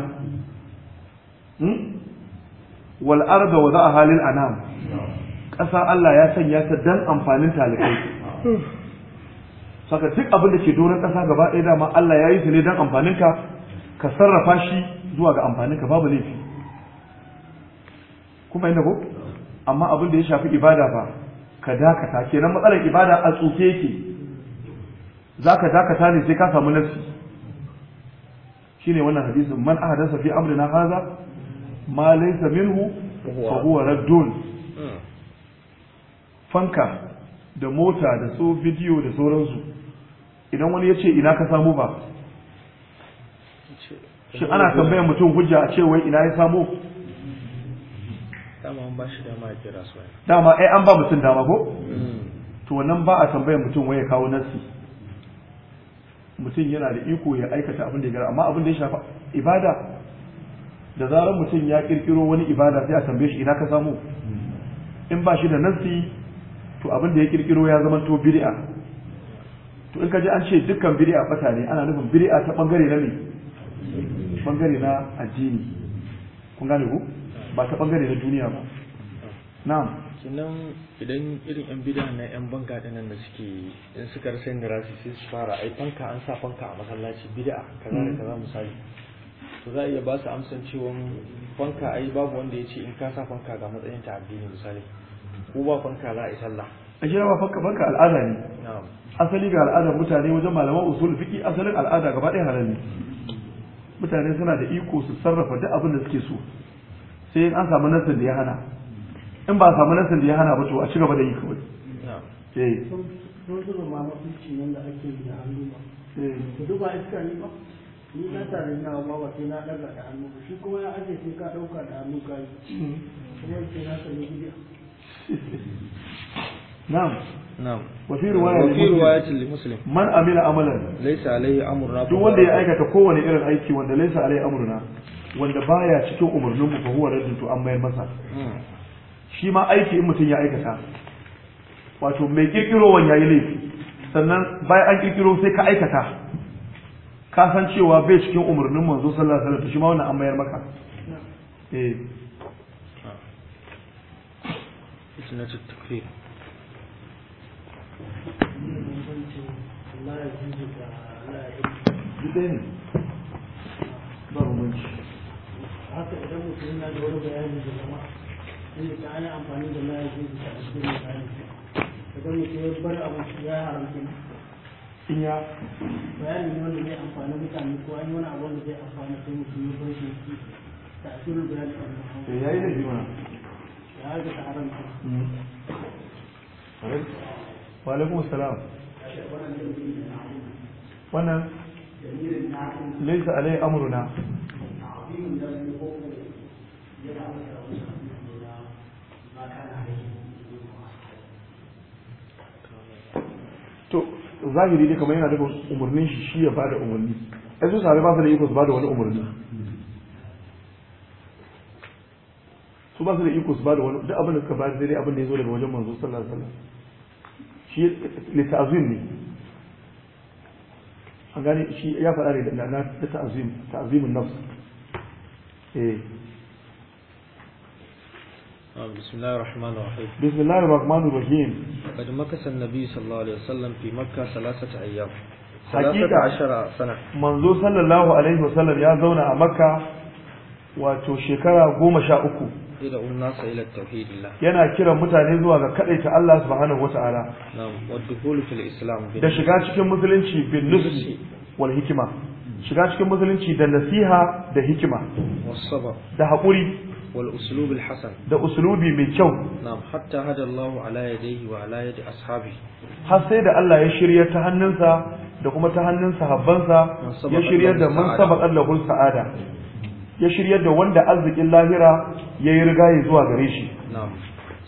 wal arda wa za'a halil anam ƙasa Allah ya sanya ta dan amfanin talibai saka duk abin da ke doron ƙasa gaba ɗaya dama Allah ya yi su ne dan amfanin ka ka sarrafa shi zuwa ga amfanin ka babu laifi kuma inda ko amma abin da ya shafi ibada ba ka dakata kenan matsalar ibada a tsuke yake zaka dakata ne sai ka samu nafsi shine wannan hadisin man ahadasa fi amrina haza ما ليس منه فهو رد raddun hmm. fanka da mota da so video da sauransu idan wani ya ce ina ka samu ba shi ana tambayar mutum hujja a ce wai ina ya samu dama an ba shi dama ya kira su dama ai eh, an ba mutum dama ko hmm. to wannan ba a tambayar mutum wai ya kawo nasi mutum yana da iko ya aikata abin da ya gara amma abin da ya shafa ibada da zarar mutum ya kirkiro wani ibada sai a tambaye shi ina ka samu in ba shi da nasi to abin da ya kirkiro ya zama to bid'a to in ka ji an ce dukkan bid'a bata ne ana nufin bid'a ta bangare na ne bangare na addini kun gane ku ba ta bangare na duniya ba na'am sannan idan irin yan bid'a na yan banka dinan da suke in suka rasa yin rasu sai su fara ai fanka an sa fanka a masallaci bid'a kaza da hmm. kaza misali to za a iya ba su amsan cewa fanka ai babu wanda ya ce in ka sa fanka ga matsayin ta addini misali ko ba fanka za a yi sallah a shi ba fanka fanka al'ada ne asali ga al'adar mutane wajen malaman usul fiki asalin al'ada gaba ɗaya halali mutane suna da iko su sarrafa duk abin da suke so sai in an samu nasin da ya hana in ba a samu nasin da ya hana ba to a ci gaba da yi kawai eh. sun zuba ma mafi cinan da ake yi da hannu ba eh. duba iska ne ba ni na tare na amma ba sai na ɗaga da hannu shi kuma ya aje sai ka ɗauka da hannu ka yi kuma sai na sami gidiya na'am na'am wa fi riwayatin li muslim man amila amalan laysa alayhi amruna duk wanda ya aikata kowane irin aiki wanda laysa alayhi amruna wanda baya cikin umarnin mu fa huwa raddun to an mayar masa hmm. shi ma aiki in mutum ya aikata wato mai kirkirowan yayi laifi sannan bayan an kirkiro sai ka aikata ka san cewa bai cikin umarnin manzo sallallahu alaihi wasallam shi ma wannan an mayar maka eh haka idan mutum yana da wani bayani da zama zai ta ana amfani da ya ji da cikin bayani idan mutum ya bar abu ya haramta ya bayani ne wanda zai amfani mutane ko an yi wani abu wanda zai amfani sai mutum ya bar shi ta asirin a ya yi da biyu mana ya yi hmm. da ta haramta wa salam wannan laisa alai zahiri ne kamar yana daga umarnin shi shi ya bada umarni ai su sabai ba su da iko su bada wani umarni su ba su da iko su bada wani duk abin da suka bada daidai abin da ya zo daga wajen manzo sallallahu alaihi wasallam shi litazim ne an gane shi ya faɗa ne da na ta'azim ta'azimun nafs eh Bismillahirrahmanirrahim. Bismillahirrahmanirrahim. Kada makasar Nabi sallallahu Alaihi wasallam fi makka salasa ta ayyam. Hakika sana. Manzo sallallahu Alaihi wasallam ya zauna a makka wato shekara goma sha uku. Yana kiran mutane zuwa ga kaɗaita Allah subhanahu wa ta'ala. Na'am, wa dukhulu fil Da shiga cikin musulunci bin wal hikma. Shiga cikin musulunci da nasiha da hikima. Da haƙuri. wal da uslubi mai kyau na'am sai da Allah ya shirya ta hannunsa da kuma ta hannun sahabbansa ya shiryar da man sabaqa lahu sa'ada ya shiryar da wanda arzikin lahira ya yi riga zuwa gare shi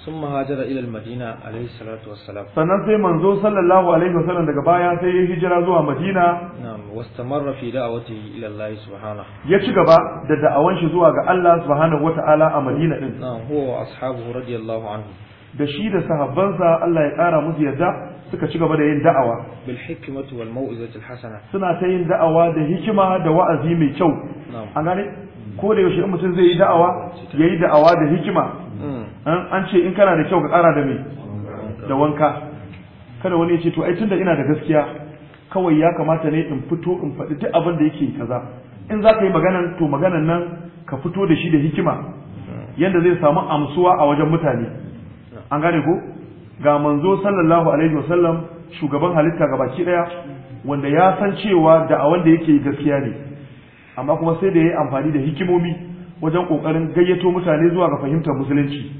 sun mahajara ilal madina alaihi salatu wassalam sannan sai manzo sallallahu alaihi wasallam daga baya sai ya hijira zuwa madina na'am wastamarra fi da'awatihi ila Allah subhanahu ya ci gaba da da'awan shi zuwa ga Allah subhanahu wata'ala a madina din na'am huwa wa ashabuhu radiyallahu anhu da shi da sahabbansa Allah ya kara musu yadda suka ci gaba da yin da'awa bil hikmati wal mau'izati al hasana suna ta yin da'awa da hikima da wa'azi mai kyau an gane ko da yaushe in mutum zai yi da'awa yayi da'awa da hikima an ce in kana da kyau ka kara da mai da wanka kada wani ya ce to ai tunda ina da gaskiya kawai ya kamata ne in fito in faɗi duk abin da yake kaza in za ka yi magana to maganan nan ka fito da shi da hikima yadda zai samu amsuwa a wajen mutane an gane ko ga manzo sallallahu alaihi wasallam shugaban halitta ga baki daya wanda ya san cewa da a wanda yake gaskiya ne amma kuma sai da ya yi amfani da hikimomi wajen kokarin gayyato mutane zuwa ga fahimtar musulunci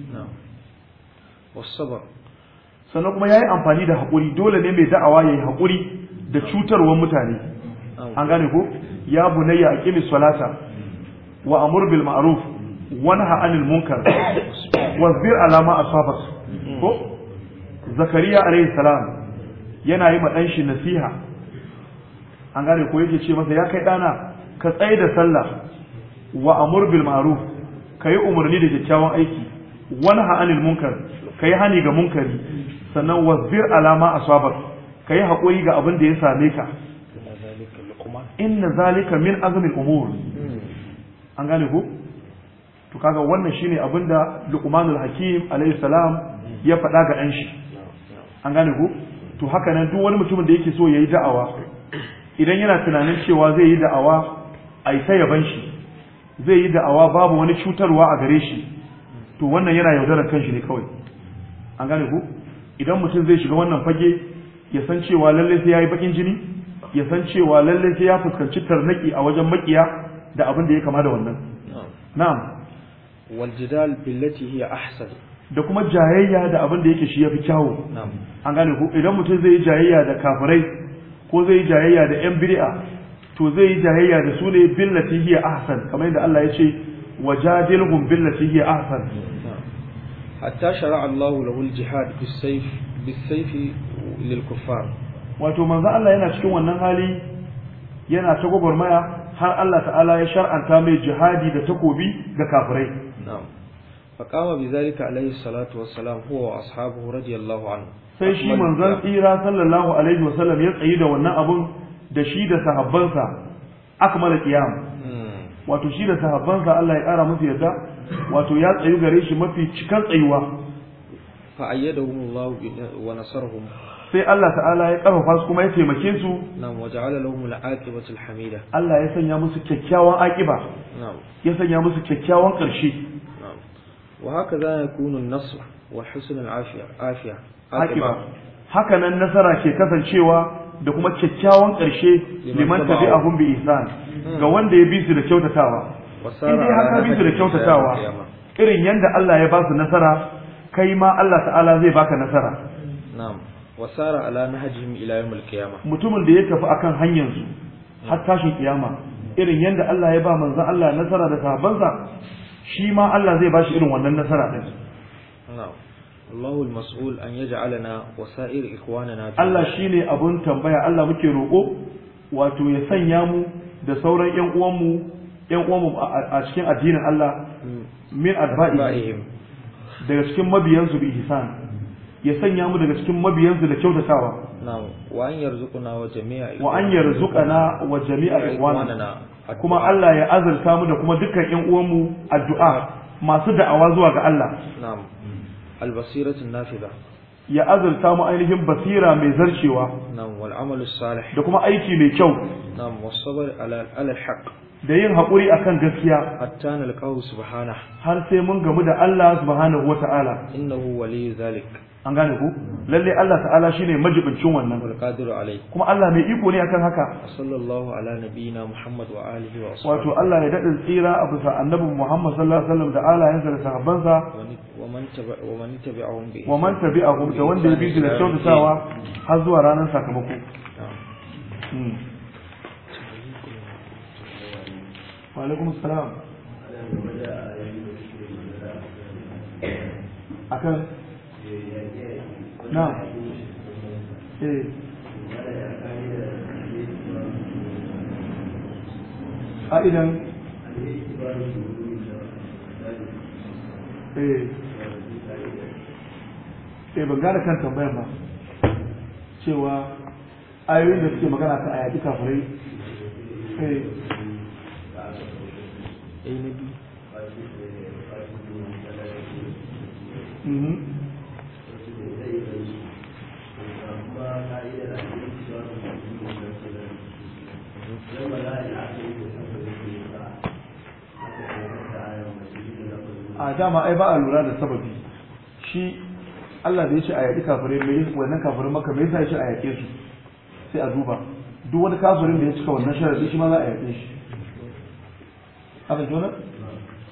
sannan kuma ya yi amfani da hakuri, dole ne mai da'awa ya yi haƙuri da cutarwar mutane an gane ko ya bunayya a ƙimis salata wa amur bil ma'ruf wani ha'anil munkar wasbir alama a sabas mm-hmm. ko zakariya alayhi salam yana yi ma shi nasiha an gane ko yake ce masa ya kai ɗana ka tsaye da sallah wa amur bil ma'ruf kayi umarni da kyakkyawan aiki wani ha'anil munkar kayi hani ga munkari sannan wasbir alama asabar kayi haƙuri ga abin da ya same ka inna zalika min azmil umur an gane ko to kaga wannan shine abin da luqmanul hakim alayhi salam ya faɗa ga ɗan shi an gane ko to haka nan duk wani mutumin da yake so yayi da'awa idan yana tunanin cewa zai yi da'awa a yi ta yaban shi zai yi da'awa babu wani cutarwa a gare shi to wannan yana yaudarar kanshi ne kawai an gane ku idan mutum zai shiga wannan fage ya san cewa lalle sai yayi bakin jini ya san cewa lalle sai ya fuskanci tarnaki a wajen makiya da abin da ya kama da wannan na'am wal jidal billati hiya ahsan da kuma jayayya da abin da yake shi yafi kyawu an gane ku idan mutum zai yi jayayya da kafirai ko zai yi jayayya da yan bid'a to zai yi jayayya da su ne billati hiya ahsan kamar yadda Allah ya ce wajadilhum billati hiya ahsan hatta shara'a Allah lahu al-jihad bis-sayf bis-sayf lil-kuffar wato manzo Allah yana cikin wannan hali yana ta gwagwarmaya har Allah ta'ala ya shar'anta mai jihadi da takobi ga kafirai na'am faqama bizalika alayhi salatu wassalam huwa wa ashabu radiyallahu anhu sai shi manzon tsira sallallahu alaihi wasallam ya tsayi da wannan abun da shi da sahabbansa akmala qiyam hmm. wato shi da sahabbansa Allah ya ƙara musu yadda wato ya tsayu gare shi mafi cikan tsayuwa fa ayyadahum Allah wa nasarhum sai Allah ta'ala ya karfafa su kuma ya taimake su na'am wa ja'ala lahum al-aqibatu al-hamida Allah ya sanya musu kyakkyawan aqiba na'am ya sanya musu kyakkyawan karshe na'am wa haka za ya kunu an-nasr wa husn al-afiya afiya aqiba haka nan nasara ke kasancewa da kuma kyakkyawan ƙarshe liman tabi'ahum bi ihsan ga wanda ya bi su da kyautatawa in dai haka ka bi su da kyautatawa irin yanda Allah ya ba su nasara kai ma Allah ta'ala zai baka nasara na'am wasara ala nahjihim ila yawmil qiyamah mutumin da ya tafi akan hanyar su har tashin kiyama irin yanda Allah ya ba manzon Allah nasara da sahabbansa shi ma Allah zai ba shi irin wannan nasara din na'am Allahu al-mas'ul an yaj'alana wa sa'ir ikhwanana Allah ne abun tambaya Allah muke roko wato ya sanya mu da sauran ƴan uwanmu ƴan uwanmu a cikin addinin Allah hmm. min adba'ihim daga cikin mabiyansu bi ihsan ya sanya mu daga cikin mabiyansu da kyautatawa na'am wa an yarzuquna wa jami'a wa an yarzuqana wa jami'a kuma Allah ya azurta mu da kuma dukkan ƴan uwanmu addu'a masu da'awa zuwa ga Allah na'am albasiratun nafiza ya azurta mu ainihin basira mai zarcewa na'am wal amalu salih da kuma aiki mai kyau Na wasabar ala al haqq da yin haƙuri akan gaskiya hatta nalqahu subhana har sai mun gamu da Allah subhanahu wata'ala innahu wali zalik an gane ku lalle Allah ta'ala shi ne majibincin wannan kuma Allah mai iko ne akan haka sallallahu ala nabiyina muhammad wa alihi wa wato Allah ya daɗin tsira a bisa annabin muhammad sallallahu alaihi wasallam da alayensa da sahabbansa wa man tabi'ahum bi wa man wanda ya bi da kyautatawa har zuwa ranar sakamako wa alaikum salam akan na eh a idan eh ban gane kan tambayar ba cewa ayoyin da suke magana ta ayati kafirai eh eh na biyu a dama ai ba a lura da sababi shi Allah da ya ce a yaƙi kafare mai wannan kafarin maka mai yasa ya ce a yaƙe su sai a duba duk wani kafarin da ya cika wannan sharadi shi ma za a yaƙe shi haka wani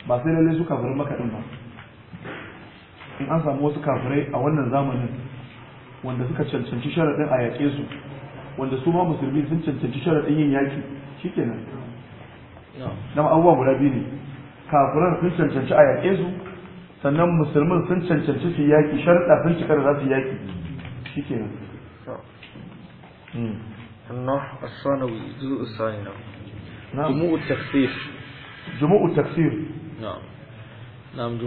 ba sai lalle su kafirin makaɗin ba in an samu wasu kafirai a wannan zamanin wanda suka cancanci sharaɗin a yaƙe su wanda su ma musulmi sun cancanci sharaɗin yin yaƙi nan na abubuwa guda biyu ne kafiran sun cancanci a yaƙe su sannan musulmin sun cancanci su yaƙi sharaɗa sun cika da za su yaƙi shikenan النحو الثانوي الجزء الثاني جموع التخفيف jumu'u tafsir na'am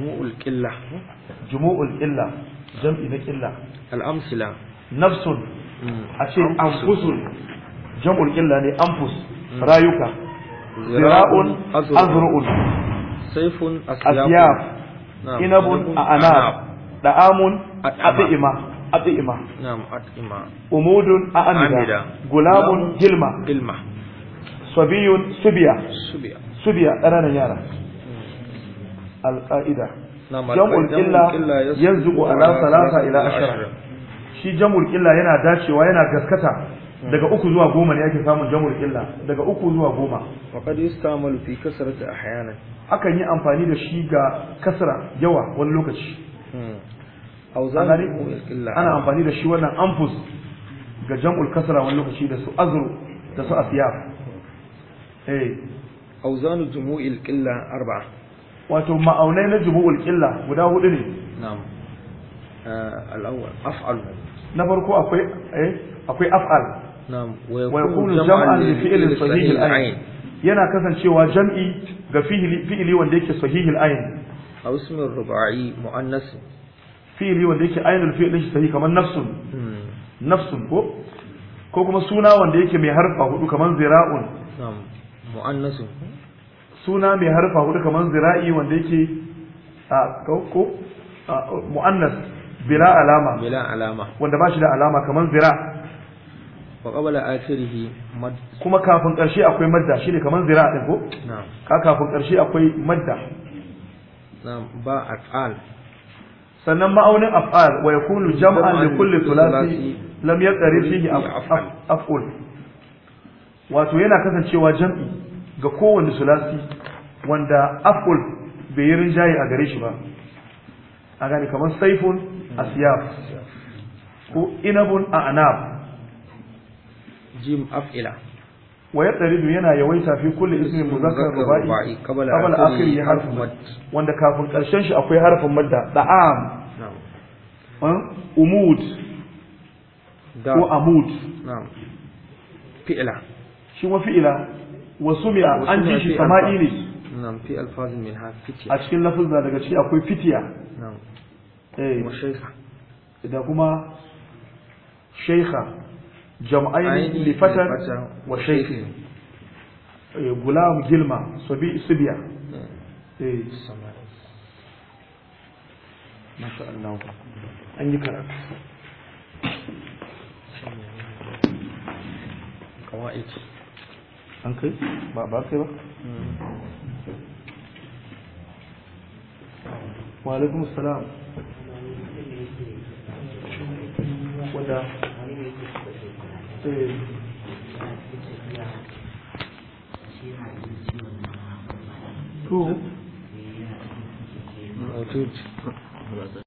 na'am nafsun hmm. a ce anfusun jam'ul qilla ne anfus hmm. rayuka zira'un azru'un sayfun asyaf inabun a'anab da'amun at'ima umudun a'amida gulabun gilma gilma subiya shibiya ƙananan yara alƙa'ida jam'ul ƙilla yanzu ala salasa ila ashara shi jam'ul ƙilla yana dacewa yana gaskata daga uku zuwa goma ne ake samun jam'ul ƙilla daga uku zuwa goma faqad yustamalu fi kasrati ahyanan akan yi amfani da shi ga kasra yawa wani lokaci hmm. ana amfani da shi wannan amfus ga jam'ul kasra wani lokaci da su azru da su afyaf eh wato ma'aunai na jumu'ul qilla guda hudu ne na farko akwai af'al na'am wa yakunu jam'an li fi'lin yana kasancewa jam'i ga fi'li wanda yake sahih al-ayn wanda yake aynul fi'li sahih kamar nafsun ko kuma suna wanda yake mai harfa huɗu kamar zira'un mu'annasun suna mai harfa hudu kamar zira'i wanda yake a kauko mu'annas bila alama bila alama wanda ba shi da alama kamar zira wa qabla akhirih mad kuma kafin karshe akwai madda shi ne kamar zira din ko na'am ka kafin karshe akwai madda na'am ba af'al sannan ma'aunin af'al wa yakunu jam'an li kulli thulathi lam yaqri fihi af'al wato yana kasancewa jam'i ga kowanne sulasi wanda aful bai yi rinjaye a gare shi ba a gani kamar saifun a siyaf, ko inabun a anab jim af'ila wa yadridu yana yawaita fi kulle ismin muzakar rubai akiri ya harfin mad wanda kafin karshen shi akwai harfin madda da'am umud ko amud fi'la shi wa fi'ila wa sumi'a an ji shi sama'i ne a cikin da daga ciki akwai fitiya na'am eh da kuma shaykha jam'ain li fatar wa shaykh eh, gulam gilma sabi sibiya eh. eh. an yi karatu an kai ba ba kai ba wa alaikum salam wadda eh. to